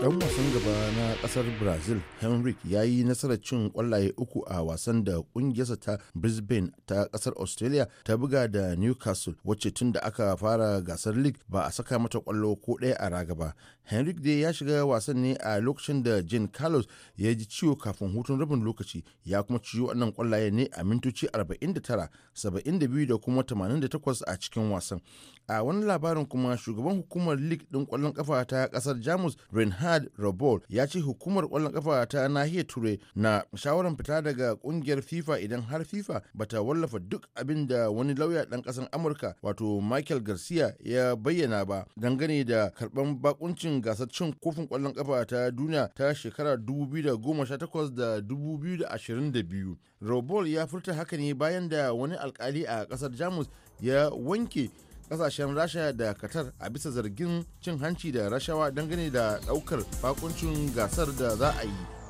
dan wasan gaba na kasar brazil henrik ya yi nasarar cin kwallaye uku a wasan da kungiyarsa ta brisbane ta kasar australia ta buga da newcastle wacce tun da aka fara gasar league ba a saka mata kwallo ko ɗaya a raga ba henrik dai ya shiga wasan ne a lokacin da jane carlos ya ji ciwo kafin hutun rabin lokaci ya kuma ciwo wannan kwallaye ne a mintoci 49 72 da kuma 88 a cikin wasan a wani labarin kuma shugaban hukumar league din kwallon kafa ta kasar jamus reinhard Fernhard Robol ya ce hukumar kwallon kafa ta nahiyar Turai na shawarar fita daga kungiyar FIFA idan har FIFA bata wallafa duk abin da wani lauya dan kasan Amurka wato Michael Garcia ya bayyana ba dangane da karban bakuncin gasar cin kofin kwallon kafa ta duniya ta shekara 2018 da 2022. Robol ya furta haka ne bayan da wani alkali a kasar Jamus ya wanke kasashen rasha da katar a bisa zargin cin hanci da rashawa dangane da daukar bakuncin gasar da za a yi